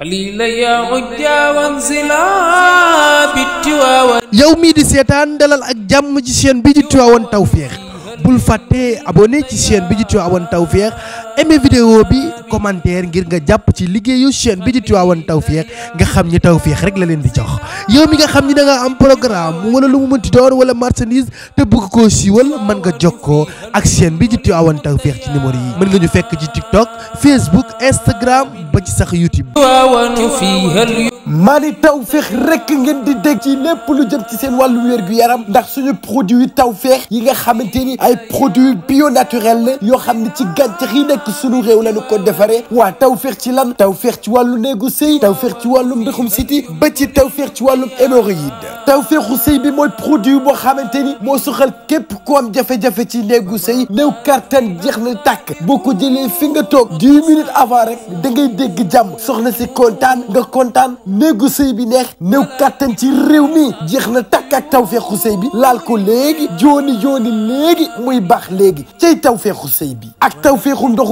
yow mii di seetaan dalal ak jàmm ci chaîne bi di Tivaouane Tawfekh bul fàtte abonné ci chaîne bi di Tivaouane Tawfekh aimé vidéo bi commentaire ngir nga jàpp ci liggéeyu chaîne bi di Tivaouane Tawfekh nga xam ni Tawfekh rek la leen di jox yow mi nga xam ni da nga am programme wala lu mu mënti doon wala marchandise te bëgg koo siiwal man nga jokkoo ak chaîne bi di Tivaouane Tawfekh ci numéro yi mën nga ñu fekk ci TikTok Facebook Instagram ba ci sax YouTube. maa ni Tawfekh rek ngeen di dégg ci lépp lu jëm ci seen wàllu wér bi yaram ndax suñu produit Tawfekh yi nga xamante ni ay produit bio naturel la yoo xam ni ci lépp sunu réew lañu ko defaree wa tawfeex ci lan tawfeex ci walu néegu sëy tawfeex ci wàllu mbixum siti ba ci tawfeex ci wàllum hémorroïde tawfeexu sëy bi moy produit bo xamanteni mo soxal képp ko am jafé jafé ci néegu sëy néew kattan jeex na tak boo ko fi nga tok 10 minutes avant rek da ngay dégg jàmm soxna ci contane nga contane néegu sëy bi neex néew kattan ci réew mi jeex na tàkk ak tawfeexu sëy bi lal ko légui joni joni légui muy bax légui cay tawfeexu sëy bi ak tawfeexu ndox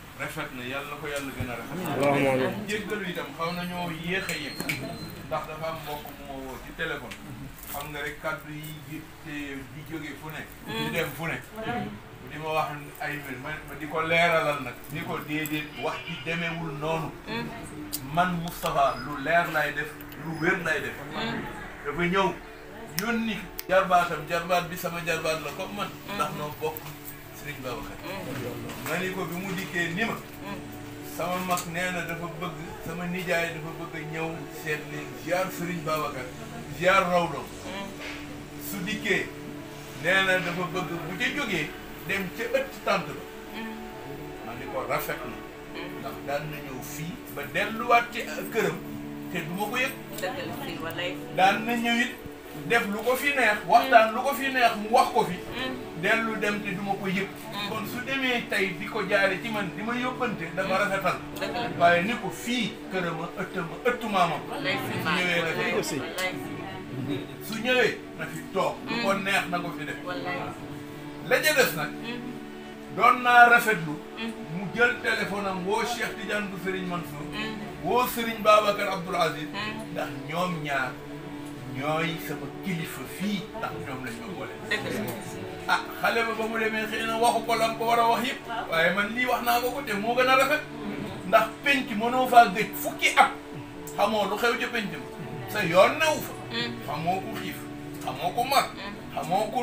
rafet na yàlla na ko yàlla gën a rafet jéggalu itam xaw nañoo yéex a yëg ndax dafa am mbokk moo woo ci téléphone xam nga rek kàddu yi jitte di jóge fu nekk di dem fu nekk di ma wax ay mbir ma di ko leeralal nag ni ko déedéet wax ci demeewul noonu man Moustapha lu leer lay def lu wér lay def dafa ñëw yónni jarbaatam jarbaat bi sama jarbaat la comme man ndax noo bokk sëriñ ko bi mu dikkee ni ma sama mag nee na dafa bëgg sama nijaay dafa bëgg a ñëw seet leen ziar sëriñ Babacar ziar rawdo su dikkee nee dafa bëgg bu ca jógee dem ca ëtt tànt ba ma ni ko rafet na ndax daan na ñëw fii ba delluwaat ci këram te du ma ko yëg daan na ñëw def lu ko fi neex waxtaan lu ko fi neex mu wax ko fi dellu dem di du ma ko yëg mm. kon su demee tey bi ko jaaree ci man di ma yóbbante dafa mm. rafetal waaye ni ko fii kërama ëttama ëttumaamam su ñëwee la tey aussi su ñëwee na fi toog mm. lu ko neex na ko fi def la des nag doon naa rafetlu mu jël téléphone am woo Cheikh Tidiane bu Serigne Mansour woo Serigne Babacar Abdoul Aziz ndax ñoom ñaar ñooy sama kilifa fii ndax ñoom lañ ma boole ah xale ba ba mu demee xëy na waxu ko lam ko war a wax yëpp waaye man lii wax naa ko ko te moo gën a rafet ndax penc mënoo faa gëj fukki at xamoo lu xew ja penc ma sa yoon newu fa mm. xamoo ku xiif xamoo ku mar mm. xamoo ku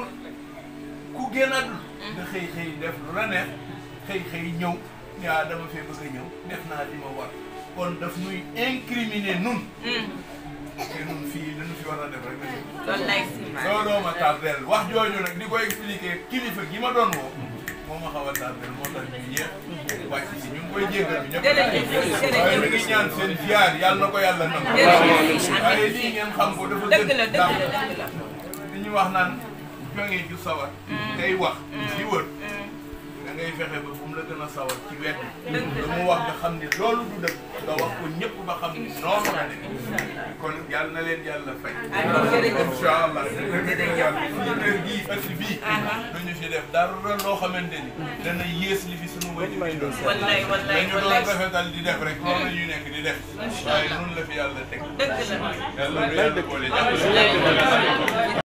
ku gën a dul mm. nga xëy xëy def lu la neex xëy xëy ñëw yaa ah, dama fee bëgg a ñëw def naa li ma war kon daf nuy incriminer nun ñun fii li ñu fi war a def rek la loolu lay soo doo ma tardel wax jooju nag di ko expliqué kilifa gi ma doon woo. moo ma xaw a tardel moo tax ñu yéex. wàcc si ñu ngi koy jéggal ñëpp. waaye ñu ngi ñaan seen ziar yàlla na ko yàlla nangu. waaye lii ngeen xam ko dafa gën. dëgg la dëgg la dëgg la. li ñu wax naan joŋee ju sawar. Mm. tey wax. Mm. fexe ba bu mu la gën a sawar ci wet bi lu mu wax nga xam ni loolu du dëgg nga wax ko ñëpp ba xam ni noonu la nekk kon yàlla na leen yàlla fay incha allah kër gii ëtt bii duñu fi def dara loo xamante ni dana yées li fi sunu wéy di doon dañu doon rafetal di def rek moom la ñu nekk di def waaye noonu la fi yàlla teg yàlla na yàlla boole jàppale